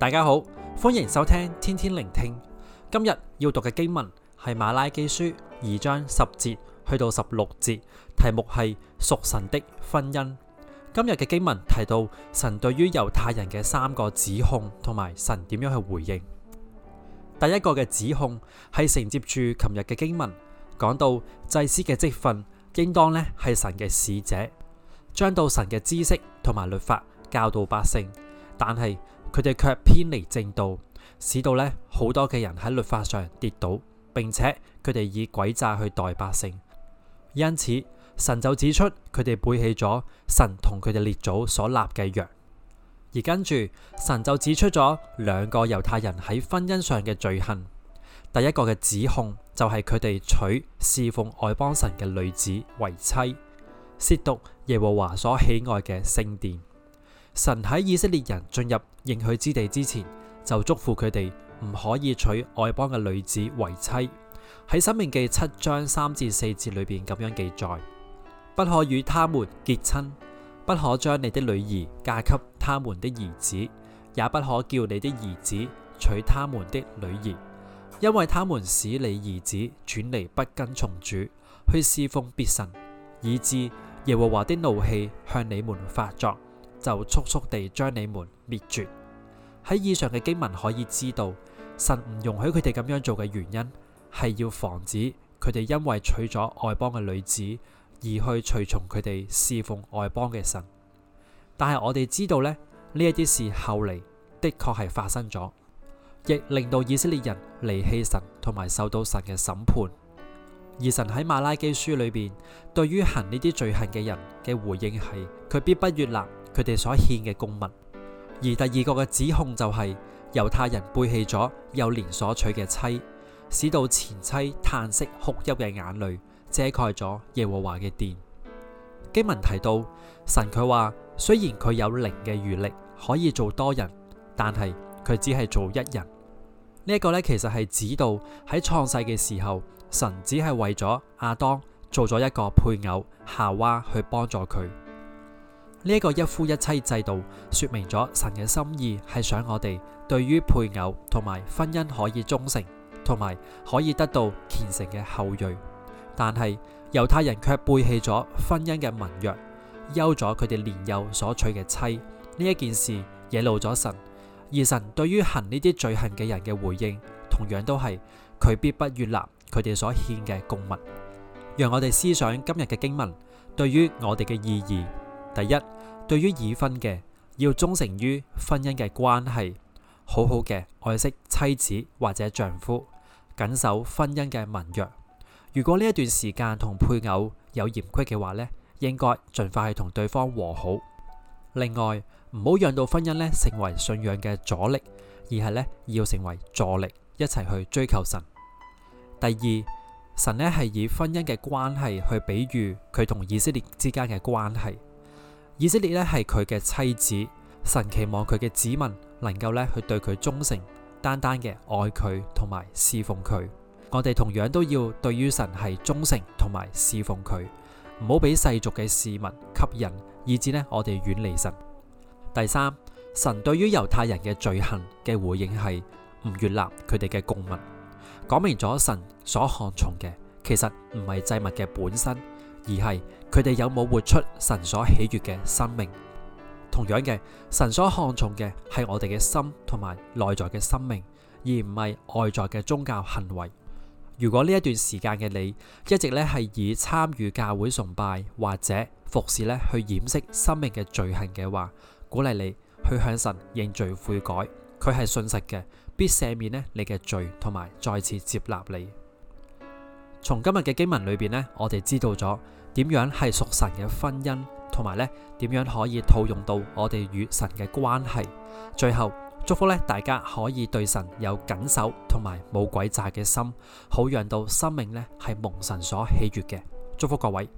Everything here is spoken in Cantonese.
大家好，歡迎收聽天天靈聽。今日要讀嘅經文係《馬拉基書》二章十節去到十六節，題目係屬神的婚姻。今日嘅經文提到神對於猶太人嘅三個指控，同埋神點樣去回應。第一個嘅指控係承接住琴日嘅經文，講到祭司嘅職分應當呢係神嘅使者，將到神嘅知識同埋律法教導百姓，但係。佢哋卻偏離正道，使到咧好多嘅人喺律法上跌倒，並且佢哋以詭詐去待百姓。因此，神就指出佢哋背棄咗神同佢哋列祖所立嘅約。而跟住，神就指出咗兩個猶太人喺婚姻上嘅罪行。第一個嘅指控就係佢哋娶侍奉外邦神嘅女子為妻，褻瀆耶和華所喜愛嘅聖殿。神喺以色列人進入應許之地之前，就囑咐佢哋唔可以娶外邦嘅女子為妻。喺《申命記》七章三至四節裏邊，咁樣記載：不可與他們結親，不可將你的女兒嫁給他們的兒子，也不可叫你的兒子娶他們的女兒，因為他們使你兒子轉離不跟從主，去侍奉別神，以致耶和華的怒氣向你們發作。就速速地將你們滅絕。喺以上嘅經文可以知道，神唔容許佢哋咁樣做嘅原因，係要防止佢哋因為娶咗外邦嘅女子，而去隨從佢哋侍奉外邦嘅神。但係我哋知道呢呢一啲事後嚟，的確係發生咗，亦令到以色列人離棄神，同埋受到神嘅審判。而神喺馬拉基書裏邊，對於行呢啲罪行嘅人嘅回應係，佢必不悅納。佢哋所獻嘅供物，而第二個嘅指控就係、是、猶太人背棄咗幼年所娶嘅妻，使到前妻嘆息哭泣嘅眼淚遮蓋咗耶和華嘅殿。經文提到神佢話，雖然佢有靈嘅餘力可以造多人，但係佢只係造一人。呢、這、一個咧其實係指到喺創世嘅時候，神只係為咗亞當造咗一個配偶夏娃去幫助佢。呢一個一夫一妻制度，說明咗神嘅心意係想我哋對於配偶同埋婚姻可以忠誠，同埋可以得到虔誠嘅後裔。但係猶太人卻背棄咗婚姻嘅盟約，休咗佢哋年幼所娶嘅妻呢一件事，惹怒咗神。而神對於行呢啲罪行嘅人嘅回應，同樣都係佢必不悅納佢哋所獻嘅供物。讓我哋思想今日嘅經文對於我哋嘅意義。第一，對於已婚嘅，要忠誠於婚姻嘅關係，好好嘅愛惜妻子或者丈夫，謹守婚姻嘅盟約。如果呢一段時間同配偶有嫌隙嘅話呢，應該盡快去同對方和好。另外唔好讓到婚姻咧成為信仰嘅阻力，而係咧要成為助力，一齊去追求神。第二，神咧係以婚姻嘅關係去比喻佢同以色列之間嘅關係。以色列咧係佢嘅妻子，神期望佢嘅子民能夠咧去對佢忠誠，單單嘅愛佢同埋侍奉佢。我哋同樣都要對於神係忠誠同埋侍奉佢，唔好俾世俗嘅事物吸引，以致咧我哋遠離神。第三，神對於猶太人嘅罪行嘅回應係唔悅納佢哋嘅供物，講明咗神所看重嘅其實唔係祭物嘅本身。而係佢哋有冇活出神所喜悅嘅生命？同樣嘅，神所看重嘅係我哋嘅心同埋內在嘅生命，而唔係外在嘅宗教行為。如果呢一段時間嘅你一直呢係以參與教會崇拜或者服侍呢去掩飾生命嘅罪行嘅話，鼓勵你去向神認罪悔改，佢係信實嘅，必赦免呢你嘅罪同埋再次接納你。從今日嘅經文裏邊呢，我哋知道咗點樣係屬神嘅婚姻，同埋呢點樣可以套用到我哋與神嘅關係。最後祝福呢，大家可以對神有緊守同埋冇詭詐嘅心，好讓到生命呢係蒙神所喜悅嘅。祝福各位。